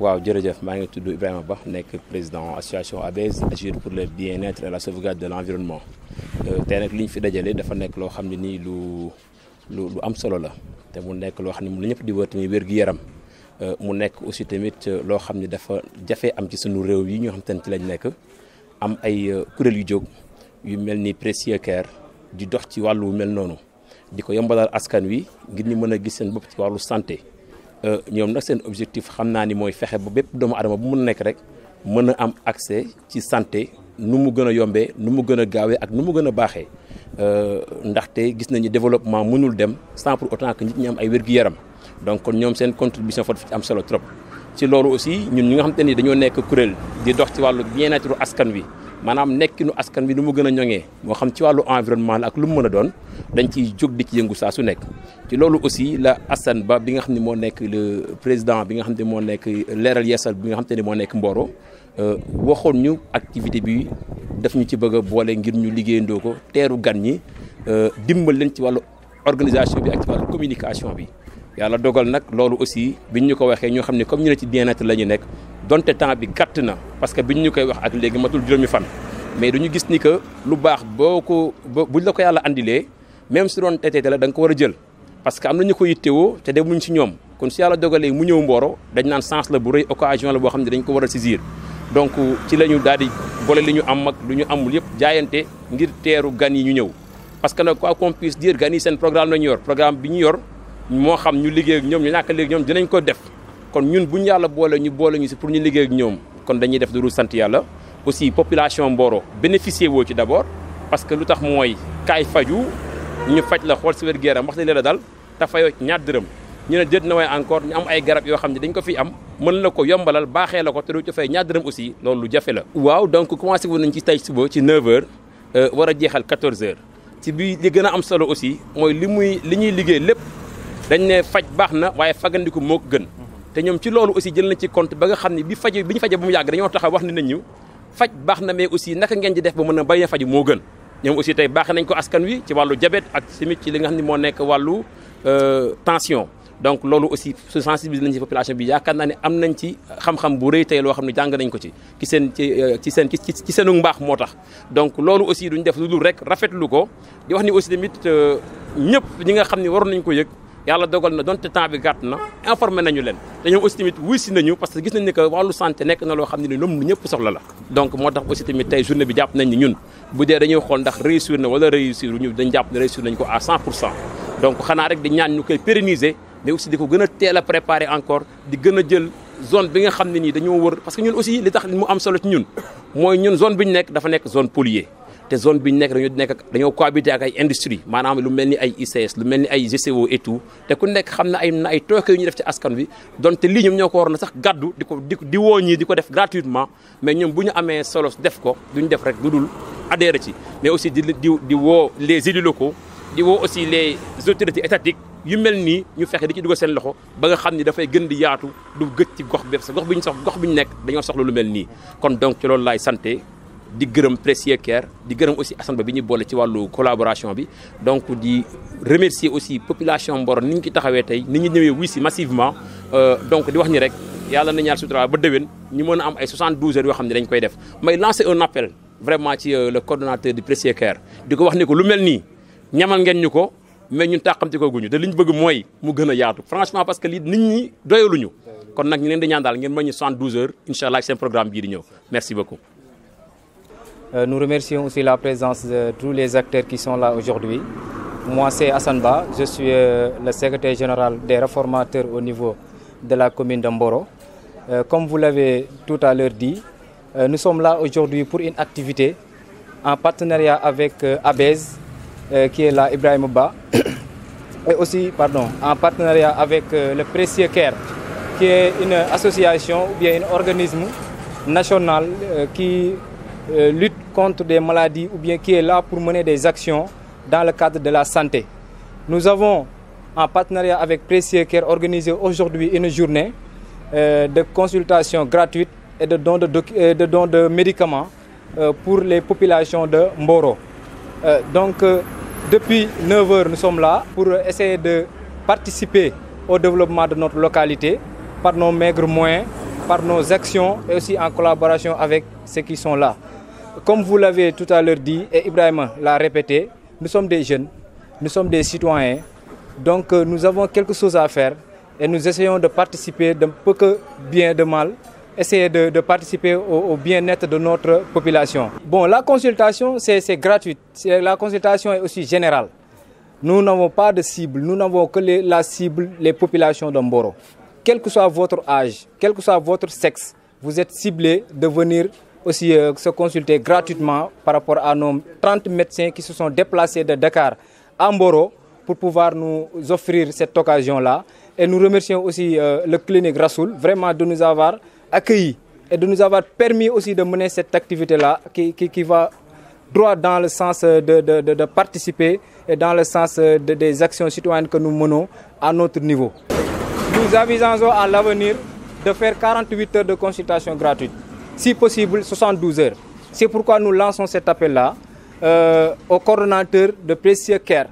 waaw jërëjëf maa ngi tudd Ibrahima Ba nekk président association ABS agir pour le bien-être et la sauvegarde de l'environnement euh, tey nag li ñu fi dajale dafa nekk loo xam ne nii lu lu lu am solo la te mu nekk loo xam ne lu ñëpp di wër tamit wér gu yaram euh, mu nekk aussi tamit euh, loo xam ne dafa jafe am ci sunu réew yi ñu xam ci lañ nekk am ay kuréel yu jóg yu mel ni Précieux Care di dox ci wàllu mel noonu di ko yombalal askan wi ngir ñu mën a gis seen bopp ci wàllu santé. Nous avons un objectif ni mooy doomu adama bu nekk rek am accès ci santé nu mu gën a yombee nu mu gën a gaawee ak euh, développement mënul dem sans pour autant que nit ñi am ay wér donc kon ñoom seen contribution fa am solo trop. ci aussi ñun ñi nga xamante ni dañoo nekk kuréel di bien-être askan wi. maanaam nekkinu askan bi nu mu gën a ñoŋee moo xam ci wàllu environnement la ak lu mu mën a doon dañ ciy jóg di ci yëngu saa su nekk ci loolu aussi la Assane Ba bi nga xam ne moo nekk président bi nga xam ne moo nekk leeral yeesal bi nga xam te ne moo nekk Mboro euh, waxoon ñu activité bi daf ñu ci bëgg a boole ngir ñu liggéeyandoo ko teeru gan ñi euh, dimbal leen ci wàllu organisation bi ak ci wàllu communication bi yàlla dogal nag loolu aussi biñ ñu ko waxee ñoo xam ne comme ñu ne ci bien la ñu nekk donte temps bi gàtt na parce que bi ñu koy wax ak léegi matul juróomi fan mais dañu gis ni que lu baax boo ko bu buñ la ko yàlla indilee même su doon teteete la danga ko war a jël parce que am na ñu ko yittewoo te demuñ si ñoom kon su yàlla dogalee mu ñëw Mboro dañ naan sens la bu rëy occasion la boo xam ne dañ ko war a saisir donc ci la ñu daal di boole li ñu am mag lu ñu amul yëpp jaayante ngir teeru gan yi ñu ñëw parce que nag quoi qu'on puisse seen programme la ñu yor programme bi ñu yor moo xam ñu liggéey ñoom ñu ñàkk léegi ñoom dinañ ko def kon ñun bu ñu yàlla boole ñu boole ñu si pour ñu liggéey ak ñoom kon dañuy def lu sant yàlla aussi population Mboro bénéficié woo ci d' abord parce que lu tax mooy kaay faju ñu faj la xool si wér géeram wax ne leen a dal te fayoo ci ñaar dërëm ñu ne déet na waaye encore ñu am ay garab yoo xam ne dañ ko fi am mën la ko yombalal baaxee la ko te du ci fay ñaar dërëm aussi loolu lu jafe la. waaw donc commencé woon nañ ci tey suba ci 9h euh, war a jeexal 14h ci bi li gën a am solo aussi mooy li muy li ñuy liggéey lépp dañ ne faj baax na waaye fagandiku moo ko gën té ñom ci loolu aussi jël na ci compte ba nga xamni bi faje biñu ñu faje ba mu yag dañoo taxaw wax ni nañu ñu faj baax na mais aussi naka ngeen di def ba mëna a bañ a faju moo gën ñoom aussi tay bax nañ ko askan wi ci walu diabète ak tamit ci li nga xamni mo nekk walu euh tension donc loolu aussi su sensibiliser nañ ci population bi yaakaar naa ne am nañ ci xam-xam bu rëy tey loo xam ne jàng nañ ko ci ci seen ci euh, seen ci seenu mbaax moo tax donc loolu aussi duñ def lu dul rek rafetlu ko di wax ni aussi tamit euh, ñëpp ñi nga xam ne waroon nañ ko yëg yàlla dogal na donte temps bi gàtt na informé nañu leen te aussi tamit wuy si nañu parce que gis nañu ne que wàllu santé nekk na loo xam ne ni ñoom ñëpp soxla la donc moo tax aussi tamit tey journée bi jàpp nañ ni ñun bu dee dañuy xool ndax réussir na wala réussir ñu dañ jàpp ne réussir nañ ko à 100 pour cent donc xanaa rek di ñaan ñu koy pérenniser mais aussi di ko gën a teel a préparer encore di gën a jël zone bi nga xam ne nii dañoo wër parce que ñun aussi li tax mu am solo ci ñun mooy ñun zone bi ñu nekk dafa nekk zone polluée te zone bi nek dañu nek dañu cohabiter ak ay industrie manam lu melni ay ICS lu melni ay GCO et tout te ku nek xamna ay ay tooke yu ñu def ci askan bi donte lii li ñum ñoko waroon sax gaddu di ko di woñi woo di ko def gratuitement mais ñoom buñu amé solos def ko duñ def rek lu dul ci mais aussi di di di woo les élus locaux di wo aussi les autorités étatiques yu mel nii ñu fexé di ci duggal seen loxo ba nga xamni da fay gën di yaatu du gëj ci gox bi sax gox bi sax gox bi nek dañu dañoo soxla lu mel nii kon donc ci loolu lay santé di gërëm précieux cœur di gërëm aussi Assane Ba bi ñu boole ci walu collaboration bi donc di remercier aussi population mbor ni ñu ci taxawee tey ni ñu ñëwee wuy si massivement euh, donc di wax ni rek yalla na ñaar sutura ba dewen ñu mëna am ay 72 heures yo xamni dañ koy def may lancer un appel vraiment ci euh, le coordonnateur du précieux cœur di ko wax ni ko lu melni ñamal ngeen ñuko mais ñun tàqamti ko guñu te liñ bëgg moy mu gëna a yaatu franchement parce que li nit ñi doyaluñu kon nak ñu leen di ñaan daal ngeen mën 72 heures inshallah ci seen programme bi di ñëw merci beaucoup euh, nous remercions aussi la présence de tous les acteurs qui sont là aujourd'hui. Moi, c'est Hassan Ba, je suis euh, le secrétaire général des réformateurs au niveau de la commune d'Amboro. Euh, comme vous l'avez tout à l'heure dit, nous sommes là aujourd'hui pour une activité en partenariat avec ABES, qui est là, Ibrahim Ba, et aussi, pardon, en partenariat avec le Précieux qui est une association ou bien un organisme national qui euh, lutte contre des maladies ou bien qui est là pour mener des actions dans le cadre de la santé. Nous avons, en partenariat avec qui Care, organisé aujourd'hui une journée euh, de consultation gratuite et de dons de, euh, médicaments pour les populations de Mboro. donc, depuis 9 h nous sommes là pour essayer de participer au développement de notre localité par nos maigres moyens, par nos actions et aussi en collaboration avec ceux qui sont là comme vous l'avez tout à l'heure dit, et Ibrahim l'a répété, nous sommes des jeunes, nous sommes des citoyens, donc euh, nous avons quelque chose à faire et nous essayons de participer d'un peu que bien de mal, essayer de, participer au, bien-être de notre population. Bon, la consultation, c'est gratuite, la consultation est aussi générale. Nous n'avons pas de cible, nous n'avons que la cible, les populations d'Omboro. Quel que soit votre âge, quel que soit votre sexe, vous êtes ciblé de venir aussi euh, se consulter gratuitement par rapport à nos 30 médecins qui se sont déplacés de Dakar à Mboro pour pouvoir nous offrir cette occasion-là. Et nous remercions aussi euh, le clinique Rassoul vraiment de nous avoir accueillis et de nous avoir permis aussi de mener cette activité-là qui, va droit dans le sens euh, de, de participer et dans le sens des actions citoyennes que nous menons à notre niveau. Nous avisons à l'avenir de faire 48 heures de consultation gratuite si possible 72 heures. C'est pourquoi nous lançons cet appel-là euh, au coordonnateur de Précieux Care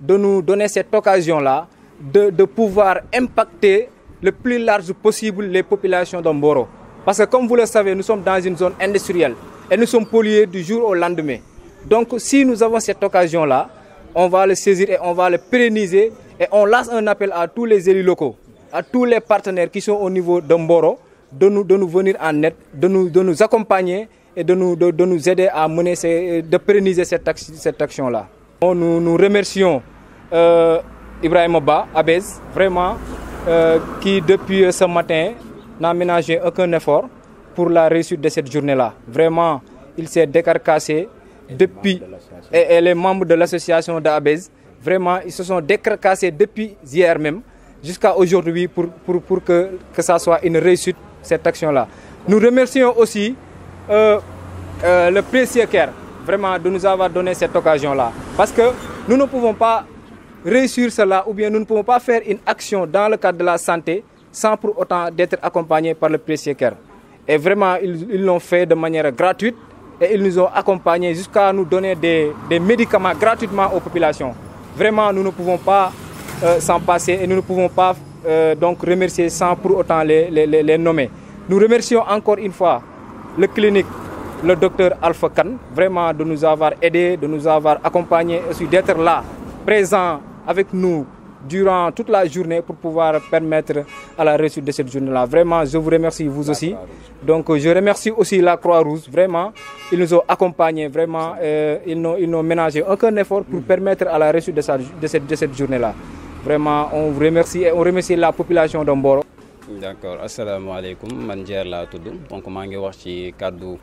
de nous donner cette occasion-là de, pouvoir impacter le plus large possible les populations d'Omboro. Parce que comme vous le savez, nous sommes dans une zone industrielle et nous sommes pollués du jour au lendemain. Donc si nous avons cette occasion-là, on va le saisir et on va le pérenniser et on lance un appel à tous les élus locaux, à tous les partenaires qui sont au niveau d'Omboro de nous, de nous venir en aide, de nous, de nous accompagner et de nous, de, nous aider à mener, ces, de pérenniser cette, action-là. Nous, nous remercions euh, Ibrahim Oba, Abez, vraiment, euh, qui depuis euh, ce matin n'a ménagé aucun effort pour la réussite de cette journée-là. Vraiment, il s'est décarcassé depuis, et, les membres de l'association d'Abez, vraiment, ils se sont décarcassés depuis hier même jusqu'à aujourd'hui pour, pour, que, que ça soit une réussite cette action-là. Nous remercions aussi euh, euh, le précieux vraiment, de nous avoir donné cette occasion-là. Parce que nous ne pouvons pas réussir cela ou bien nous ne pouvons pas faire une action dans le cadre de la santé sans pour autant d'être accompagnés par le précieux Et vraiment, ils l'ont fait de manière gratuite et ils nous ont accompagnés jusqu'à nous donner des, médicaments gratuitement aux populations. Vraiment, nous ne pouvons pas euh, s'en passer et nous ne pouvons pas euh, donc remercier sans pour autant les, nommer. Nous remercions encore une fois le clinique, le docteur Alpha Khan, vraiment de nous avoir aidés, de nous avoir accompagnés, aussi d'être là, présent avec nous durant toute la journée pour pouvoir permettre à la réussite de cette journée-là. Vraiment, je vous remercie, vous aussi. Donc, je remercie aussi la Croix-Rouge, vraiment. Ils nous ont accompagnés, vraiment. Euh, ils n'ont ménagé aucun effort pour permettre à la réussite de cette, de cette journée-là. Vraiment, on vous remercie et on remercie la population de Mboro. D'accord, asalaamaaleykum man Ndière laa tudd donc maa ngi wax ci cadeau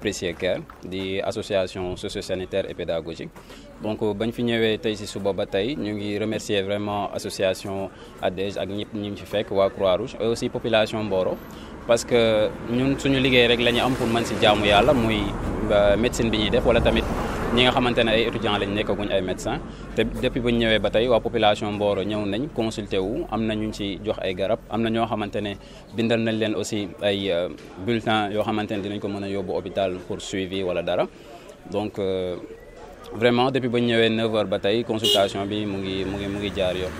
Précieux que di association socio-sanitaire et pédagogique donc bañ fi ñëwee tay ci suba ba ñu ngi remercier vraiment association ADEJ ak ñepp ñi ci fekk wa Croix-Rouge et aussi population Mboro parce que ñun suñu liggéey rek lañu am pour man ci jaamu Yalla muy euh, médecine bi ñuy def wala tamit ñi nga xamante ne ay étudiants lañ nekkaguñ ay médecins te depuis bu ñu ñëwee ba tey waa population Mboro ñëw nañ consulter wu am na ñu ci jox ay garab am na ñoo xamante ne bindal nañ leen aussi ay euh, bulletin yoo xamante ne dinañ ko mën a yóbbu hôpital pour suivi wala dara donc euh, vraiment depuis ba ñu ñëwee 9h ba tey consultation bi mu ngi mu ngi mu ngi jaar yoon.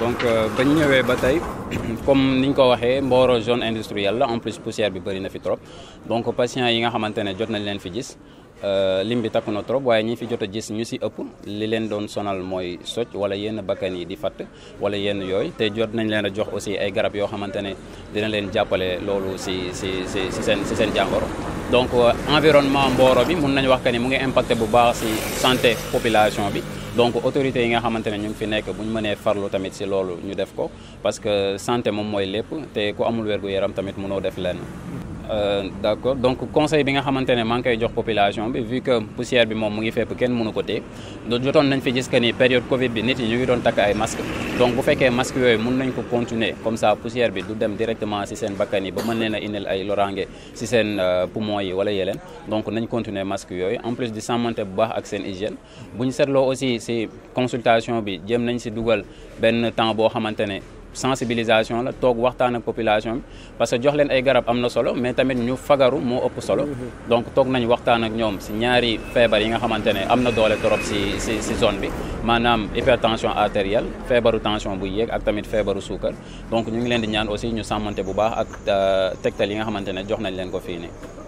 donc euh, bañ ñu ñëwee ba tey comme niñ ko waxee Mboro zone industrielle la en plus poussière bi bëri na fi trop donc patients yi nga xamante ne jot nañ leen fi gis. Eh, lim bi takku trop waye ñi fi jotta gis ñu ci ëpp li leen doon sonal moy socc wala yenn bakkan yi di fat wala yenn yoy te jot nañ leen jox aussi ay garab yo xamantene dina leen jappalé loolu si si si sen seen si sen jangoro. donc euh, environnement mboro bi mën nañ wax kané mu ngi impacté bu baax ci santé population bi donc autorité yi nga xamantene ñu fi nekk bu mëne farlu tamit si loolu ñu def ko parce que santé mom moy lepp te ku amul wergu yaram tamit mëno def lenn Euh, d' accord donc conseil bi nga xamante ne maa ngi koy jox population bi vu que poussière bi moom mu ngi fépp kenn mënu ko téye jotoon nañ fi gis que ni période Covid bi nit yi ñu ngi doon takk ay masque donc bu fekkee masque yooyu mun nañ ko continuer comme ça poussière bi du dem directement si seen bakkan yi ba mën leen a indil ay loraange si seen euh, poumon yi wala yeleen donc nañ continuer masque yooyu en plus di sàmmante bu baax ak seen hygiène bu ñu aussi si consultation bi jëm nañ si dugal benn temps boo xamante ne sensibilisation la tok waxtaan ak population parce que jox leen ay garab amna solo mais tamit ñu fagaru mo ëpp solo mm-hmm. donc tok nañ waxtaan ak ñoom si ñaari feebar yi nga xamantene amna doole trop si si si zone bi manam hypertension artérielle feebaru tension bu yéeg ak tamit feebaru sucre donc ñu ngi leen di ñaan aussi ñu sàmmante bu baax ak euh, tektal yi nga xamantene jox nañ leen ko fii nii